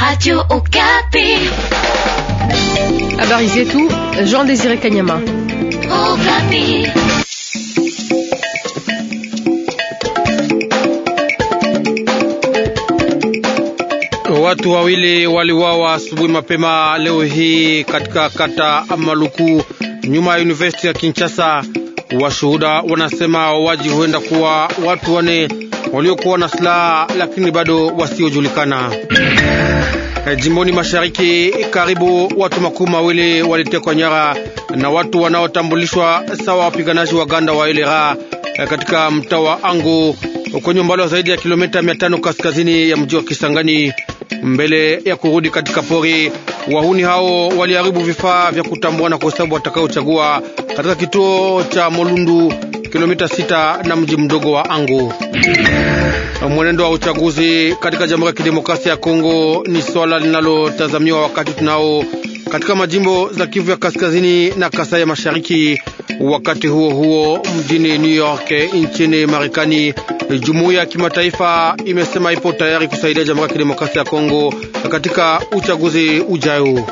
Radio Okapi. Habari zetu Jean Désiré Kanyama. Okapi. Watu wawili waliwawa asubuhi mapema leo hii katika kata Maluku nyuma ya University ya Kinshasa. Washuhuda wanasema waji huenda kuwa watu wane waliokuwa na silaha lakini bado wasiojulikana. Eh, jimboni mashariki, karibu watu makumi mawili walitekwa nyara na watu wanaotambulishwa sawa wapiganaji wa ganda wa elera eh, katika mtaa wa Angu kwenye umbali wa zaidi ya kilomita tano kaskazini ya mji wa Kisangani. Mbele ya kurudi katika pori, wahuni hao waliharibu vifaa vya kutambua na kuhesabu watakaochagua katika kituo cha Molundu kilomita sita na mji mdogo wa Angu. Mwenendo wa uchaguzi katika Jamhuri ya Kidemokrasia ya Kongo ni swala linalotazamiwa wakati tunao katika majimbo za Kivu ya Kaskazini na Kasai ya Mashariki. Wakati huo huo, mjini New York nchini Marekani, jumuiya ya kimataifa imesema ipo tayari kusaidia Jamhuri ya Kidemokrasia ya Kongo katika uchaguzi ujayo.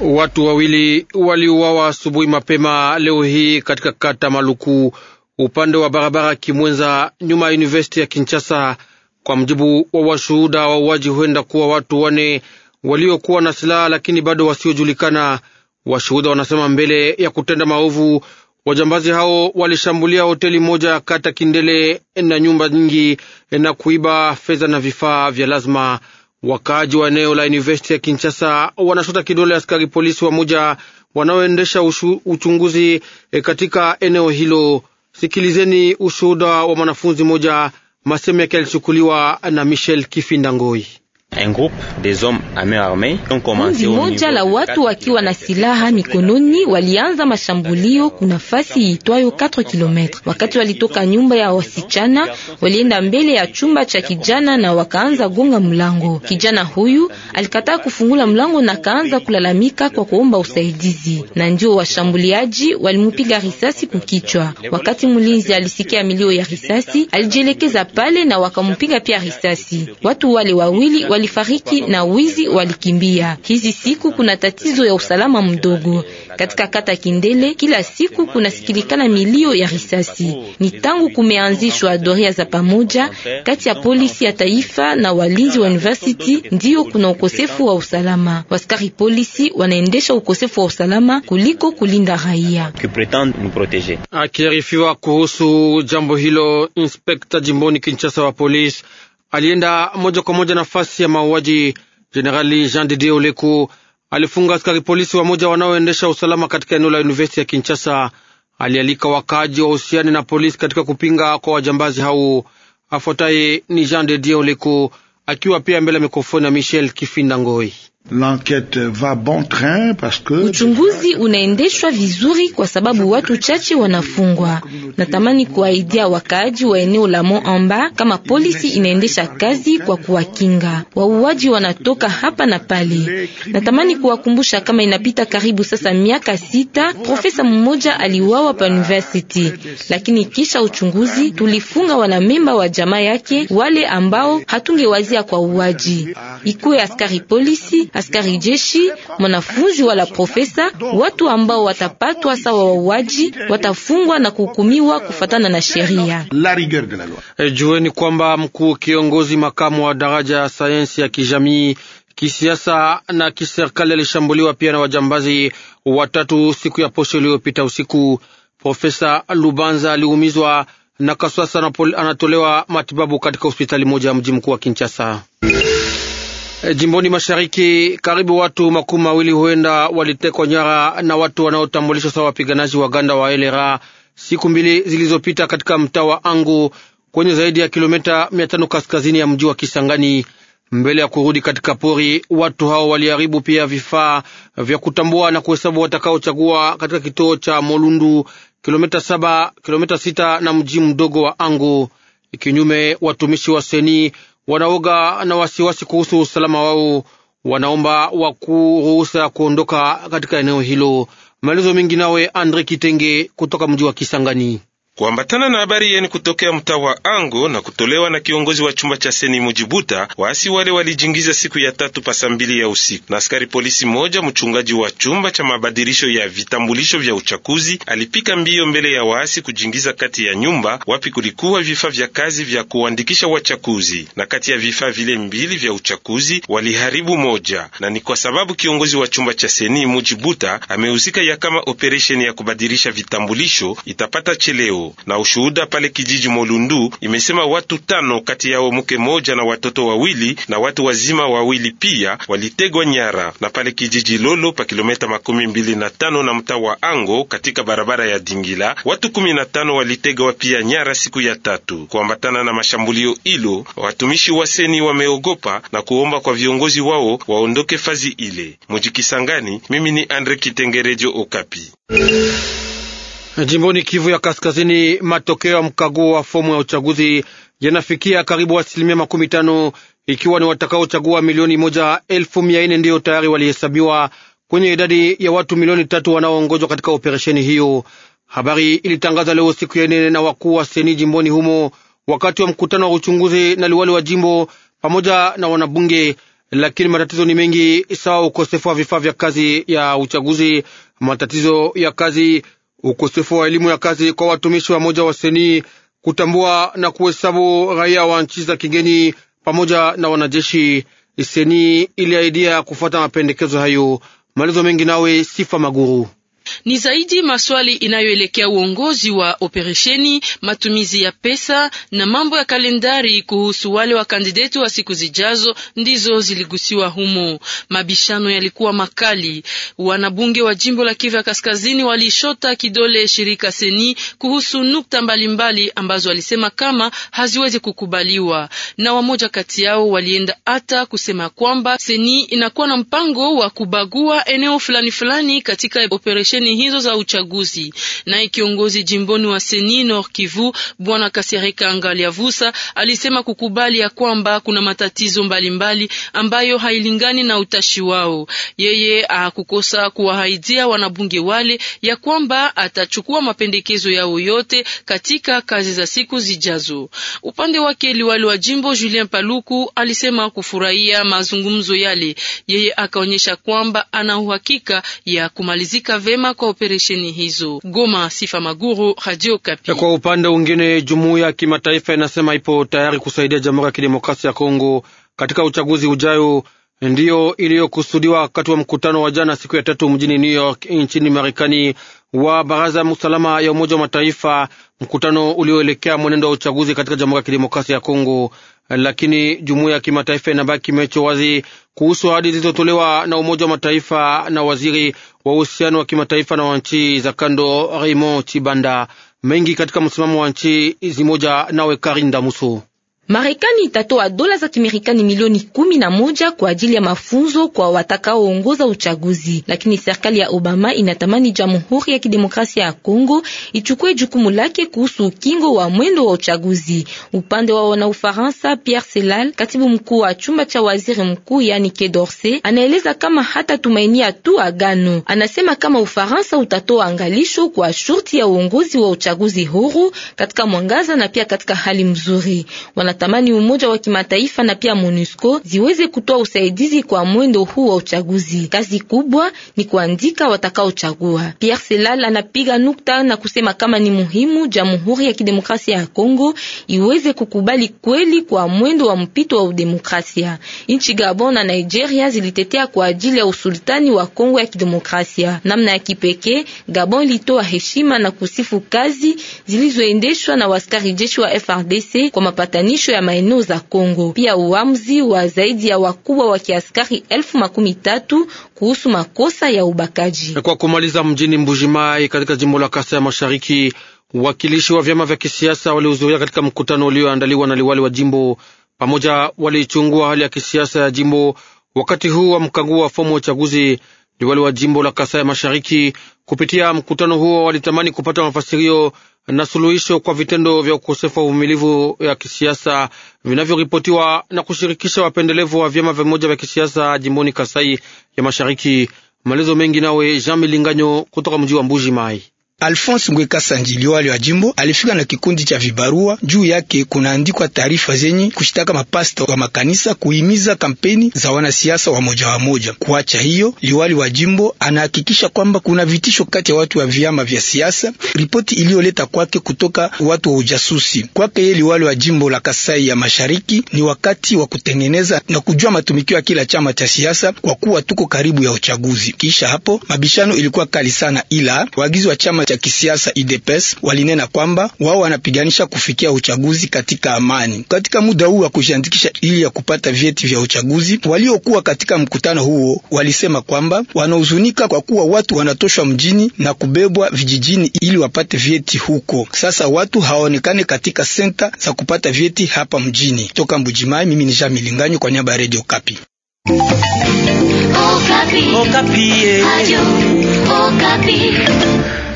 Watu wawili waliuawa asubuhi mapema leo hii katika kata Maluku upande wa barabara Kimwenza nyuma ya university ya Kinshasa. Kwa mjibu wa washuhuda, wauaji huenda kuwa watu wane waliokuwa na silaha lakini bado wasiojulikana. Washuhuda wanasema mbele ya kutenda maovu, wajambazi hao walishambulia hoteli moja kata Kindele na nyumba nyingi na kuiba fedha na vifaa vya lazima. Wakaaji wa eneo la University ya Kinshasa wanashota kidole askari polisi wamoja wanaoendesha uchunguzi e katika eneo hilo. Sikilizeni ushuhuda wa mwanafunzi moja maseme yake yalichukuliwa na Michel Kifindangoi. Kundi moja la watu wakiwa na silaha mikononi walianza mashambulio kuna fasi itwayo 4 km. Wakati walitoka nyumba ya wasichana, walienda mbele ya chumba cha kijana na wakaanza gonga mlango. Kijana huyu alikataa kufungula mlango na kaanza kulalamika kwa kuomba usaidizi, na ndio washambuliaji walimupiga risasi kukichwa. Wakati mlinzi alisikia milio ya risasi, alijielekeza pale na wakamupiga pia risasi. Watu wale wawili walifariki na wizi walikimbia. Hizi siku kuna tatizo ya usalama mdogo katika kata Kindele. Kila siku kunasikilikana milio ya risasi. Ni tangu kumeanzishwa doria za pamoja kati ya polisi ya taifa na walinzi wa university, ndio kuna ukosefu wa usalama. Waskari polisi wanaendesha ukosefu wa usalama kuliko kulinda raia. Akiarifiwa kuhusu jambo hilo, inspekta jimboni Kinshasa wa polisi alienda moja kwa moja nafasi ya mauaji. Jenerali Jean Didier Oleku alifunga askari polisi wamoja wanaoendesha usalama katika eneo la Universiti ya Kinshasa. Alialika wakaaji wahusiani na polisi katika kupinga kwa wajambazi hao. Afuataye ni Jean Didier Oleku akiwa pia mbele ya mikrofoni ya Michel Kifinda Ngoi. Bon train parce que... uchunguzi unaendeshwa vizuri kwa sababu watu chache wanafungwa. Natamani kuwaidia wakaaji wa eneo la Moamba kama polisi inaendesha kazi kwa kuwakinga wauaji, wanatoka hapa na pale. Natamani kuwakumbusha kama inapita karibu sasa miaka sita, profesa mmoja aliuawa pa university, lakini kisha uchunguzi tulifunga wanamemba wa jamaa yake wale ambao hatungewazia kwa uaji ikuwe askari polisi, askari jeshi, mwanafunzi wala profesa. Watu ambao watapatwa sawa wauaji watafungwa na kuhukumiwa kufatana na sheria. E, jueni kwamba mkuu kiongozi makamu wa daraja ya sayansi ya kijamii kisiasa na kiserikali alishambuliwa pia na wajambazi watatu siku ya posho iliyopita usiku. Profesa Lubanza aliumizwa na kaswasa anatolewa matibabu katika hospitali moja ya mji mkuu wa Kinshasa. Eh, jimboni mashariki karibu watu makumi mawili huenda walitekwa nyara na watu wanaotambulishwa sawa wapiganaji waganda wa elera siku mbili zilizopita katika mtaa wa Angu kwenye zaidi ya kilomita mia tano kaskazini ya mji wa Kisangani. Mbele ya kurudi katika pori, watu hao waliharibu pia vifaa vya kutambua na kuhesabu watakaochagua katika kituo cha Molundu, kilomita saba kilomita sita na mji mdogo wa Angu. Kinyume, watumishi wa seni wanaoga na wasiwasi kuhusu usalama wao, wanaomba wakuu ruhusa ya kuondoka katika eneo hilo. Maelezo mengi nawe Andre Kitenge kutoka mji wa Kisangani. Kuambatana na habari yeni kutokea mtaa wa Ango na kutolewa na kiongozi wa chumba cha seni Mujibuta, waasi wale walijingiza siku ya tatu pasa mbili ya usiku, na askari polisi moja mchungaji wa chumba cha mabadilisho ya vitambulisho vya uchakuzi alipika mbio mbele ya waasi kujingiza kati ya nyumba wapi kulikuwa vifaa vya kazi vya kuandikisha wachakuzi, na kati ya vifaa vile mbili vya uchakuzi waliharibu moja, na ni kwa sababu kiongozi wa chumba cha seni Mujibuta amehusika ya kama operesheni ya kubadilisha vitambulisho itapata cheleo. Na ushuhuda pale kijiji Molundu imesema watu tano kati yao mke moja na watoto wawili na watu wazima wawili pia walitegwa nyara. Na pale kijiji Lolo pa kilometa makumi mbili na tano na mtaa wa Ango katika barabara ya Dingila watu kumi na tano walitegwa pia nyara siku ya tatu. Kuambatana na mashambulio ilo, watumishi wa seni wameogopa na kuomba kwa viongozi wao waondoke fazi ile. Mujikisangani, mimi ni Andre Kitengerejo Okapi. Jimboni Kivu ya Kaskazini, matokeo ya mkaguo wa fomu ya uchaguzi yanafikia karibu asilimia makumi tano, ikiwa ni watakaochagua milioni moja elfu mia nne ndiyo tayari walihesabiwa kwenye idadi ya watu milioni tatu wanaoongozwa katika operesheni hiyo. Habari ilitangaza leo siku ya nne na wakuu wa seni jimboni humo wakati wa mkutano wa uchunguzi na liwali wa jimbo pamoja na wanabunge. Lakini matatizo ni mengi, sawa ukosefu wa vifaa vya kazi ya uchaguzi, matatizo ya kazi ukosefu wa elimu ya kazi kwa watumishi wa moja wa seni, kutambua na kuhesabu raia wa nchi za kigeni pamoja na wanajeshi. Seni iliahidia kufuata mapendekezo hayo. Malizo mengi nawe Sifa Maguru. Ni zaidi maswali inayoelekea uongozi wa operesheni, matumizi ya pesa na mambo ya kalendari kuhusu wale wa kandideti wa siku zijazo ndizo ziligusiwa humo. Mabishano yalikuwa makali. Wanabunge wa jimbo la Kivu Kaskazini walishota kidole shirika Seni kuhusu nukta mbalimbali mbali ambazo walisema kama haziwezi kukubaliwa, na wamoja kati yao walienda hata kusema kwamba Seni inakuwa na mpango wa kubagua eneo fulani fulani katika operesheni operesheni hizo za uchaguzi. Naye kiongozi jimboni wa Seni Nord Kivu Bwana Kasereka Ngaliavusa alisema kukubali ya kwamba kuna matatizo mbalimbali mbali ambayo hailingani na utashi wao. Yeye hakukosa kuwahaidia wanabunge wale ya kwamba atachukua mapendekezo yao yote katika kazi za siku zijazo. Upande wake liwali wa jimbo Julien Paluku alisema kufurahia mazungumzo yale. Yeye akaonyesha kwamba ana uhakika ya kumalizika vema kusimama kwa operesheni hizo. Goma, Sifa Maguru, Radio Kapi. Kwa upande mwingine, jumuiya ya kimataifa inasema ipo tayari kusaidia Jamhuri ya Kidemokrasia ya Kongo katika uchaguzi ujayo, ndiyo iliyokusudiwa wakati wa mkutano wa jana siku ya tatu mjini New York nchini Marekani wa baraza msalama ya Umoja wa Mataifa, mkutano ulioelekea mwenendo wa uchaguzi katika Jamhuri ya Kidemokrasia ya Kongo, lakini jumuiya ya kimataifa inabaki macho wazi kuhusu ahadi zilizotolewa na Umoja wa Mataifa na waziri wa uhusiano wa kimataifa na wa nchi za kando Raymond Chibanda. Mengi katika msimamo wa nchi zimoja, nawe Karinda damusu Marekani itatoa dola za Kimerikani milioni kumi na moja kwa ajili ya mafunzo kwa watakaoongoza uchaguzi, lakini serikali ya Obama inatamani Jamhuri ya Kidemokrasia ya Kongo ichukue jukumu lake kuhusu ukingo wa mwendo wa uchaguzi. Upande wa wana Ufaransa, Pierre Selal, katibu mkuu wa chumba cha waziri mkuu yani Kedorse, anaeleza kama hata tumainia tu agano. Anasema kama Ufaransa utatoa angalisho kwa shurti ya uongozi wa uchaguzi huru katika mwangaza na pia katika hali mzuri Wana wanatamani umoja wa kimataifa na pia MONUSCO ziweze kutoa usaidizi kwa mwendo huu wa uchaguzi. Kazi kubwa ni kuandika watakaochagua. Pierre Selal anapiga nukta na kusema kama ni muhimu Jamhuri ya Kidemokrasia ya Kongo iweze kukubali kweli kwa mwendo wa mpito wa udemokrasia. Nchi Gabon na Nigeria zilitetea kwa ajili ya usultani wa Kongo ya Kidemokrasia. Namna ya kipekee, Gabon litoa heshima na kusifu kazi zilizoendeshwa na waskari jeshi wa FRDC kwa mapatanisho mwisho ya maeneo za Kongo. Pia uamuzi wa zaidi ya wakubwa wa kiaskari elfu makumi tatu kuhusu makosa ya ubakaji. Kwa kumaliza, mjini Mbujimai katika jimbo la Kasa ya Mashariki, wakilishi wa vyama vya kisiasa walihudhuria katika mkutano ulioandaliwa na liwali wa jimbo pamoja, waliichungua hali ya kisiasa ya jimbo wakati huu wa mkangu wa fomu ya uchaguzi liwali wa jimbo la Kasai Mashariki. Kupitia mkutano huo, walitamani kupata mafasirio na suluhisho kwa vitendo vya ukosefu wa uvumilivu ya kisiasa vinavyoripotiwa na kushirikisha wapendelevu wa vyama vimoja vya kisiasa jimboni Kasai ya Mashariki. Maelezo mengi nawe Jean Milinganyo kutoka mji wa Mbuji Mai. Alphonse Ngweka liwali wa jimbo alifika na kikundi cha vibarua. Juu yake kunaandikwa taarifa zenye kushitaka mapasta wa makanisa kuhimiza kampeni za wanasiasa wa moja wa moja. Kuacha hiyo, liwali wa jimbo anahakikisha kwamba kuna vitisho kati ya watu wa vyama vya siasa. Ripoti iliyoleta kwake kutoka watu wa ujasusi kwake ye liwali wa jimbo la Kasai ya Mashariki, ni wakati wa kutengeneza na kujua matumikio ya kila chama cha siasa, kwa kuwa tuko karibu ya uchaguzi. Kisha hapo mabishano ilikuwa kali sana, ila waagizi wa chama cha kisiasa UDPS walinena kwamba wao wanapiganisha kufikia uchaguzi katika amani. Katika muda huu wa kujiandikisha ili ya kupata vyeti vya uchaguzi, waliokuwa katika mkutano huo walisema kwamba wanahuzunika kwa kuwa watu wanatoshwa mjini na kubebwa vijijini ili wapate vyeti huko. Sasa watu hawaonekane katika senta za kupata vyeti hapa mjini. Toka Mbujimai, mimi ni Jean Milinganyo kwa niaba ya Radio Kapi. Okapi. Oh, Okapi, oh, eh. Adio, Okapi. Oh,